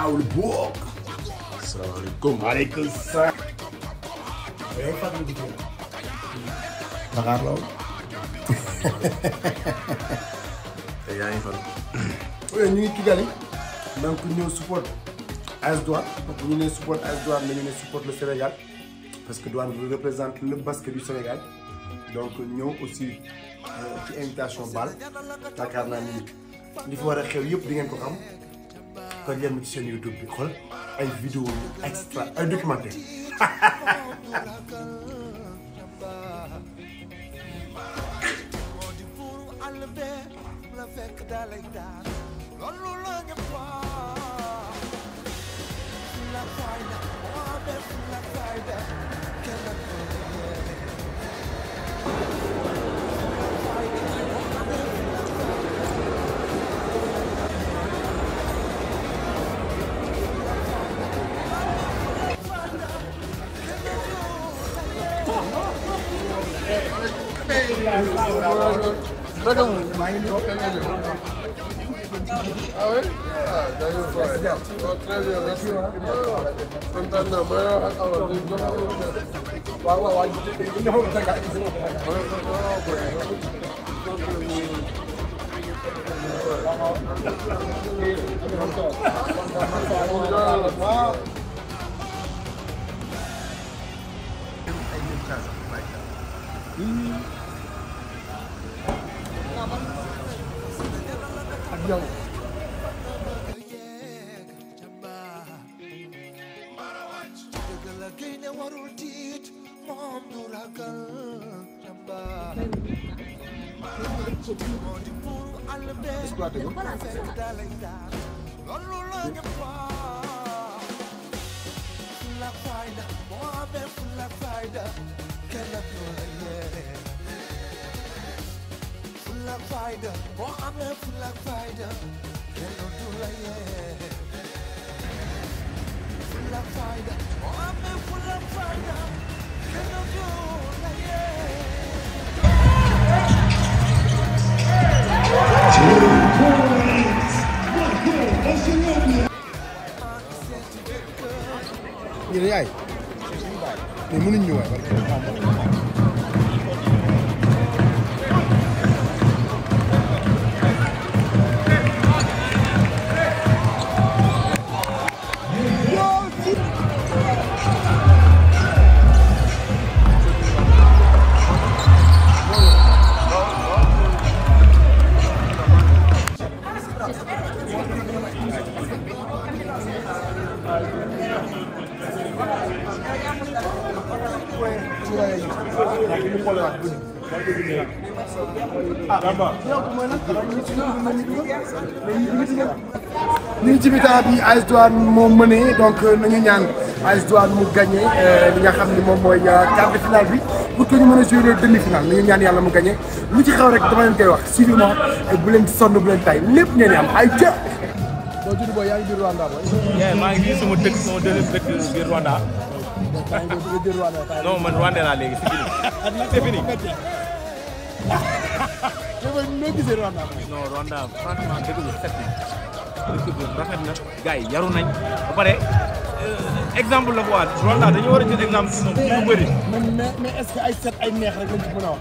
Aalborg. Salam alaikum. Alaikum Dakar donc support AS donc ñu support AS support le Sénégal parce que vous représente le basket du Sénégal donc nous aussi euh, ci invitation Bal Dakar n'a ni li fi xew quand il y a une mission YouTube, il y a une vidéo extra, un documentaire. Go down. Ah oui Ah, d'ailleurs, ouais. Très bien, merci. Content de moi. Alors, je vais vous Bah, ouais, ouais. Je vais vous dire. Ouais, ouais, ouais. Mm-hmm. warul tiit moom du ragal jàmbaar moo di buuru àll bee fekk dalay daar loolu la ñëpp waa fulla fayda moo amee fulla fayda kenn ak ñoo la yee fulla fayda moo amee fulla fayda kenn du la yee ñu ne yaay mais mënuñ ñu waay ni Djibita bi AS Douane mo mené donc nañu ñaan AS Douane mu gagné li nga xamni mom moy quart de finale bi pour que ñu mëna jouer demi finale nañu ñaan Yalla mu gagné lu ci xaw rek dama leen koy wax suivement bu leen sonu bu leen tay lepp ñeen am ay jëf do jiddu boy yaangi bir Rwanda boy yeah ma ngi sama dëkk sama dëkk bir Rwanda non man Rwanda laa léegi c'est fini. c'est fini. noo gisee Rwanda. non Rwanda franchement dëgg la set na dëgg bi rafet na gars yi yaru nañ ba pare euh, exemple la ko waat Rwanda dañu war a jël exemple ci moom ci lu bëri. mais mais est-ce que ay set ay neex rek lañ ci mën a wax.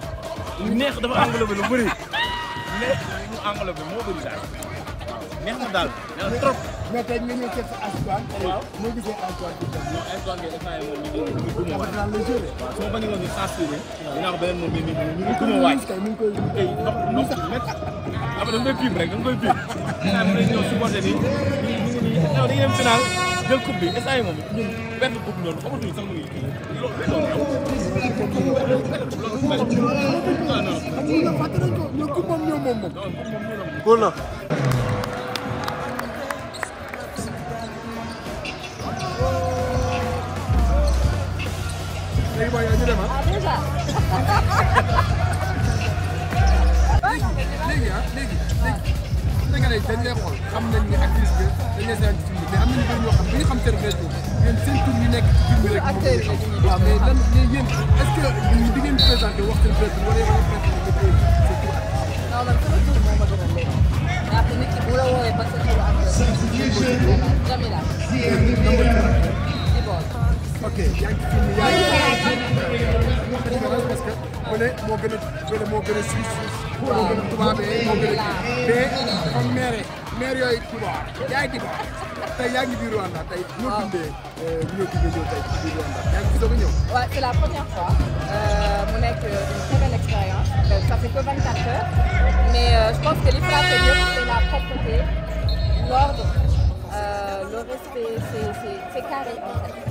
neex dafa englobé lu bëri neex lu englobé moo bëri daal. neex na daal trop. mais tey nga ñëw teg sa Antoine. waaw moo gisee Antoine bi. non Antoine bi dafa am moom ñu ngi duma waaj. waaw su ma bañ a woon sensibiliser. dinaa ko beneen moom ñu ngi duma waaj. tey ñu ngi ah, ah, koy tey ndox ndox métti. après dañ koy piim rek dañ koy piim. xanaa mën nañu ñëw supporté nii ñu ngi nii ñëw dañuy dem final jël coupe bi instant yii moom ñun benn coupe noonu amatuñu sax mu ngi kii loolu loolu loolu loolu loolu loolu loolu Ej, Maja, nie ma. A duża. léegi ah léegi léegi Sénégalais yi dañ lay xool xam nañ ne actrice bi dañ lay seetaan ci film bi mais am nañu bëri ñoo xam bi ñu xam seen réseau yéen seen tur yi nekk ci film bi rek. waaw mais lan mais yéen est-ce que di ngeen présenté wax seen réseau wala c'est la première fois c'est euh, une très belle expérience euh, ça fait que 24 heures mais euh, je pense que c'est la propreté l'ordre le respect c'est c'est carré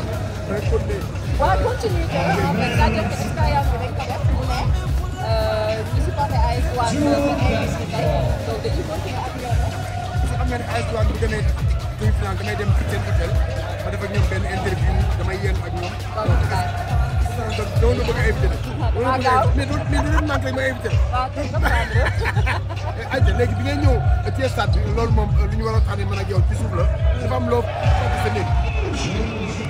waaw continue ko en fait daa jël expérience bi rek tamit mu ne ñu supporté ay waa ñu ngi tey donc dañuy continuer ak ñoom parce que xam nga ne ay waa bu demee kuy finance damay dem ci seen hôtel ma def ak ñoom benn interview damay yéen ak ñoom. donc doo la bëgg a invité ah, mais doo mais doo leen manqué rek ma invité la. Eh, ayca léegi bi ngay ñëw ci stade bi loolu moom euh, lu ñu war a waxtaanee man ak yow ci suuf la dafa am loo fekk sa néeg.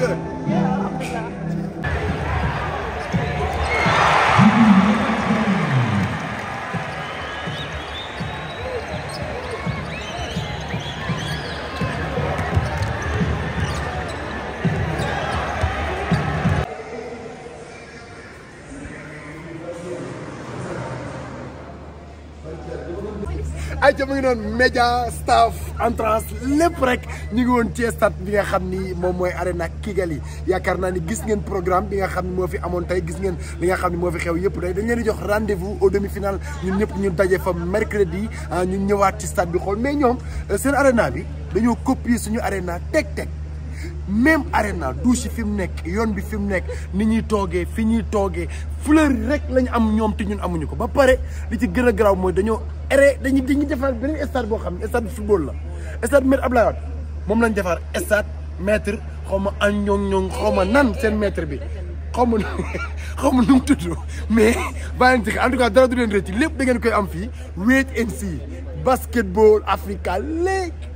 确认。ayca mu ngi média staff entrance lépp rek ñu ngi woon ci stade bi nga xam ni moom mooy arena Kigali yaakaar naa ni gis ngeen programme bi nga xam ni moo fi amoon tey gis ngeen li nga xam ni moo fi xew yëpp day dañ leen di jox rendez-vous au demi-finale ñun ñëpp ñu daje fa mercredi ah, ñu ñëwaat ci stade bi xool mais ñoom euh, seen arena bi dañoo copier suñu arena teg teg. même arena douche fi mu nekk yoon bi fi mu nekk ni ñuy toogee fi ñuy toogee fleur yi rek lañ am ñoom ñun amuñu ko ba pare li ci gën a garaaw mooy dañoo ere dañuy dañuy defar beneen stade boo xam ne stade football la stade maître Abdoulaye Wade moom lañ defar stade maître xaw ma an ñoŋ ñoŋ xaw ma nan seen maître bi xaw ma xaw ma nu mu tudd mais bàyyi nañ en tout cas dara du leen rëcc lépp da ngeen koy am fii wait and see basketball africa léegi